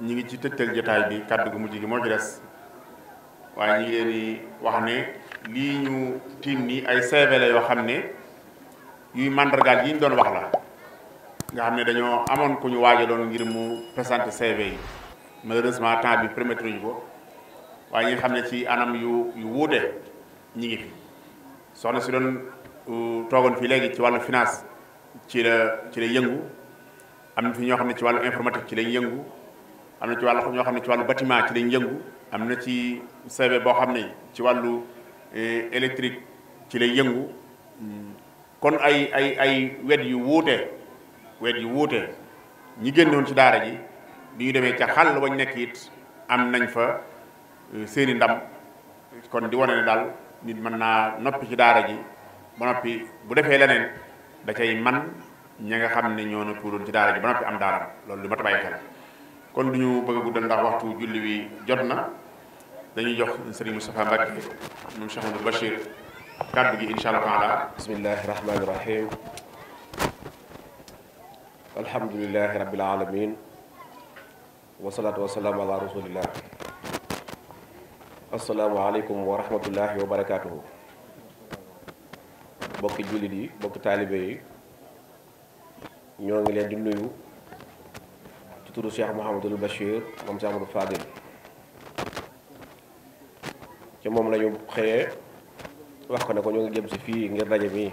ñi ngi ci tëjtal jotaay bi kàddu gu mujj gi moo ci des waaye ñi leen wax ne lii ñu tiim nii ay CV la yoo xam ne yuy màndargaal yi ñu doon wax la nga xam ne dañoo amoon ku ñu waajaloon ngir mu présenté CV yi malheureusement temps bi permettre ñu ko waaye ñi xam ne ci anam yu yu wuute ñi ngi fi soxna si doon toogoon fii léegi ci wàllu finance ci la ci la yëngu am fi ñoo xam ne ci wàllu informatique ci lañ yëngu am na ci wàllu ñoo xam ne ci wàllu bâtiment ci lañ yëngu am na ci CV boo xam ne ci wàllu eh, électrique ci lay yëngu kon ay ay ay wet yu wuute wet yu wuute ñi génnoon ci daara ji bi ñu demee ca xàll wañ nekk it am nañ fa eh, seeni ndam kon di wane ne daal nit mën naa noppi ci daara ji ba noppi bu defee leneen da cay man ña nga xam ne ñoo noppi doon ci daara ji ba noppi am daara loolu lu mat a bàyyi xel kon du ñu bëgg guddal ndax waxtu julli wi jot na dañuy jox sëriñ Moustapha Mbacke moom Cheikh Amadou Bachir kàddu gi incha allah taala bismillahi rahmaani rahim alhamdulilahi rabbil alamin wasalaatu wasalaamu ala rasulillah asalaamualeykum wa rahmatullahi wa barakatuhu bokki jullit yi bokki taalibe yi ñoo ngi leen di nuyu turu Cheikh Mouhamadul Bachir moom Cheikh Amadou Fadil ci moom lañu xëyee wax ko ne ko ñu ngi jëm si fii ngir daje mii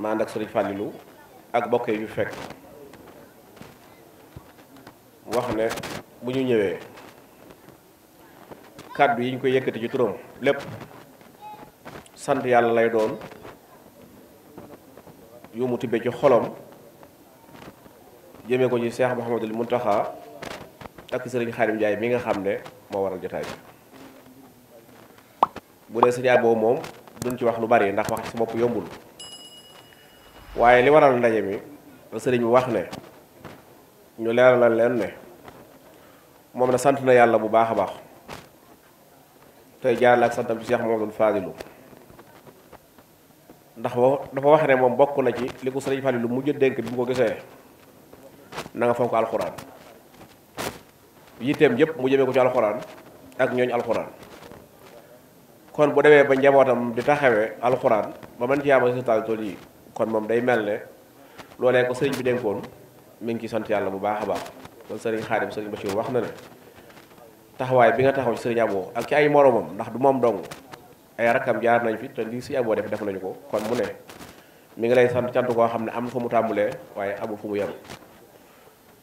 ma ànd ak sëriñ Fàllilu ak bokk yu fekk wax ne bu ñu ñëwee kàddu yi ñu koy yëkkati ci turam lépp sant yàlla lay doon yu mu tibbee ci xolom jëmee ko ci Cheikh mu taxa ak sëriñ Xaadim Njaay bi nga xam ne moo waral jotaay bi bu dee sëriñ boobu moom duñ ci wax lu bari ndax wax ci sa bopp yombul waaye li waral ndaje mi sëriñ bi wax ne ñu leeral leeralal leen ne moom na sant na yàlla bu baax a baax tey jaarale ak santam ci Cheikh Mouhamadul Fadilu ndax dafa wax ne moom bokk na ci li ko sëriñ Fadilu mujj dénk bi mu ko gisee na nga fonk alxuraan yitteem yëpp mu jëmee ko ci alxuraan ak ñooñ alxuraan kon bu demee ba njabootam di taxawee alxuraan ba mën ci yaama résultat tool yi kon moom day mel ne loolee ko sëriñ bi dénkoon mu ngi ci sant yàlla bu baax a baax kon sëriñ Xaadim sëriñ Bachir wax na ne taxawaay bi nga taxaw ci sëriñ Abo ak ci ay moromam ndax du moom dong ay rakkam jaar nañ fi te lii si Abo def def nañu ko kon mu ne mu ngi lay sant cant koo xam ne am na mu tàmbalee waaye amu fu mu yem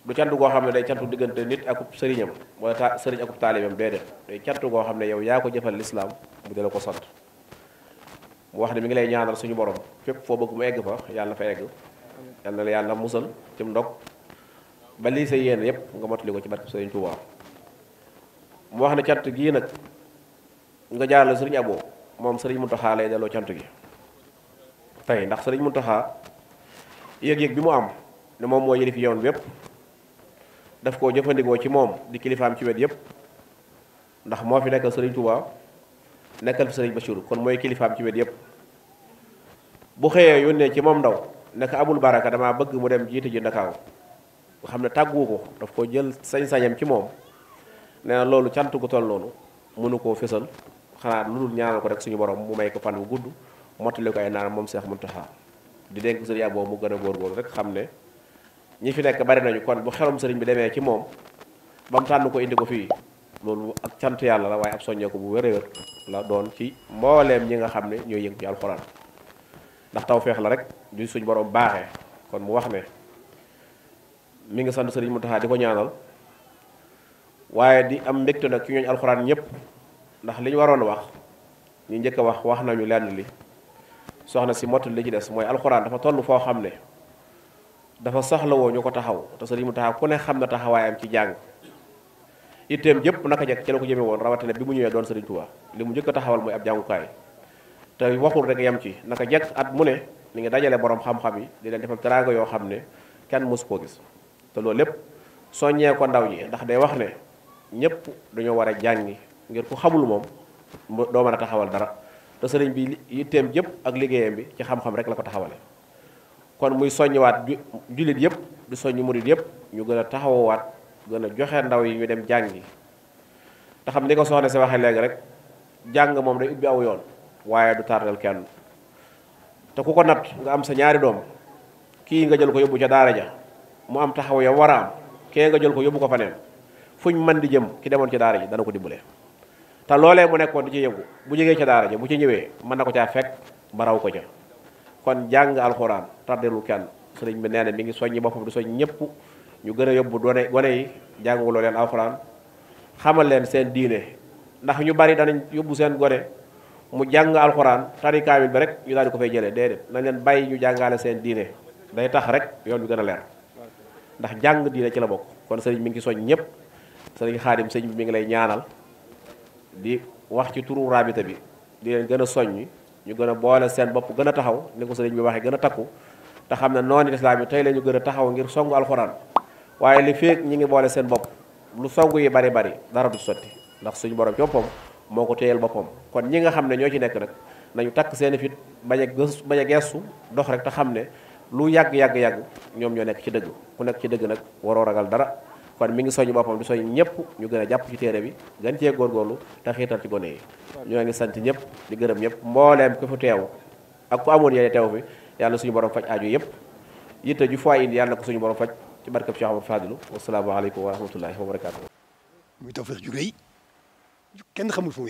du cant goo xam ne day cantu diggante nit akub sëriñam wala ta sëriñ akub taalibam déedéet day cant goo xam ne yow yaa ko jëfal lislaam mu dala ko sant mu wax ne mi ngi lay ñaanal suñu borom fépp foo bëgg mu egg fa yàlla fa egg yàlla na musal ci ndog ba lii sa yéen yëpp nga motali ko ci barke sëriñ Tuubaa wax ne cant gii nag nga jaarale sëriñ Abo moom sëriñ Muntaxa lay daloo cantu gi tey ndax sëriñ Muntaxa yëg-yëg bi mu am ne moom moo yëlif yoon bi daf koo jëfandikoo ci moom di kilifaam ci wet yépp ndax moo fi nekkal sëriñ Touba nekkal fi sëriñ Bachir kon mooy kilifaam ci wet yépp bu xëyee yónnee ci moom ndaw nekk abul baraka damaa bëgg mu dem jiite ji Ndakaaru nga xam ne tàggu ko daf koo jël sañ-sañam ci moom nee na loolu cant gu loolu noonu mënu koo fésal xanaa lu dul ñaanal ko rek suñu borom mu may ko fan wu gudd mottali ko ay naan moom Seex mun Muntaxa di dénk sëriñ boobu mu gën a góorgóorlu rek xam ne ñi fi nekk bari nañu kon bu xelum sëriñ bi demee ci moom ba mu tànn ko indi ko fii loolu ak cant yàlla la waaye ab soññeeku bu wér a wér la doon ci mbooleem ñi nga xam ne ñooy yëngu ci alxuraan ndax taw feex la rek du suñ borom baaxee kon mu wax ne mi ngi sant sëriñ Mountakha di ko ñaanal waaye di am mbégte nag ci ñooñ alxuraan ñëpp ndax li ñu waroon wax ñu njëkk wax wax nañu lenn li soxna si mott li ci des mooy alxuraan dafa toll foo xam ne. dafa soxlawoo ñu ko taxaw te sëriñ mu taxaw ku ne xam na taxawaayam ci jàng itteem yëpp naka jekk ci la ko jëme woon rawatina bi mu ñëwee doon sëriñ Tuubaa li mu njëkk a taxawal mooy ab jàngukaay te waxul rek yam ci naka jekk at mu ne mi ngi dajale borom xam-xam yi di leen defal teraanga yoo xam ne kenn mosu koo gis te loolu lépp soññee ko ndaw ñi ndax day wax ne ñëpp dañoo war a jàngi ngir ku xamul moom doo mën a taxawal dara te bi itteem jëpp ak liggéeyam bi ci xam rek la ko taxawale kon muy soññiwaat jullit yëpp di soññ murit yëpp ñu gën a taxawaat gën a joxe ndaw yi ñu dem jàngi te xam ni ko soxna si waxe léegi rek jàng moom day ibbi aw yoon waaye du tardel kenn te ku ko nat nga am sa ñaari doom kii nga jël ko yóbbu ca daara ja mu am taxaw ya war a am kee nga jël ko yóbbu ko faneen fuñ mën di jëm ki demoon ci daara ji dana ko dimbale te loolee mu nekkoon di ci yëngu bu jógee ca daara ja bu ci ñëwee mën na ko caa fekk ba ko ca kon jàng alxuraan tardelu kenn sëriñ bi nee na mi ngi soññi boppam di soñ ñëpp ñu gën a yóbbu done gone yi jànguloo leen alxuraan xamal leen seen diine ndax ñu bari danañ yóbbu seen gone mu jàng alxuraan tari kaamil bi rek ñu daal di ko fay jëlee déedéet nañ leen bàyyi ñu jàngale seen diine day tax rek yoon bi gën a leer ndax jàng diine ci la bokk kon sëriñ mi ngi soñ ñëpp sëriñ xaadim sëriñ bi mi ngi lay ñaanal di wax ci turu rabita bi di leen gën a soññ ñu gën a boole seen bopp gën a taxaw ni ko sëriñ bi waxee gën a takku te xam ne noonu lislaam yi tey la gën a taxaw ngir songu alxuraan waaye li feek ñi ngi boole seen bopp lu songu yi bari bari dara du sotti ndax suñu borom ci boppam moo ko téyel boppam kon ñi nga xam ne ñoo ci nekk nag nañu takk seen fit bañ a gës bañ a gestu dox rek te xam ne lu yàgg yàgg yàgg ñoom ñoo nekk ci dëgg ku nekk ci dëgg nag waroo ragal dara kon mi ngi soññ boppam di soññ ñëpp ñu gën a jàpp ci téere bi gën cee góorgóorlu te xiital ci gone yi ñoo ngi sant ñëpp di gërëm ñëpp mbooleem ku fi teew ak ku amoon yéene teew bi yàlla suñu borom faj aaju yëpp yita ju foo indi yàlla ko suñu borom faj ci barkab Cheikh Amadou Fadilou wasalaamaaleykum wa rahmatullahi wa barakaatu muy tawfeex ju kenn xamul fu mu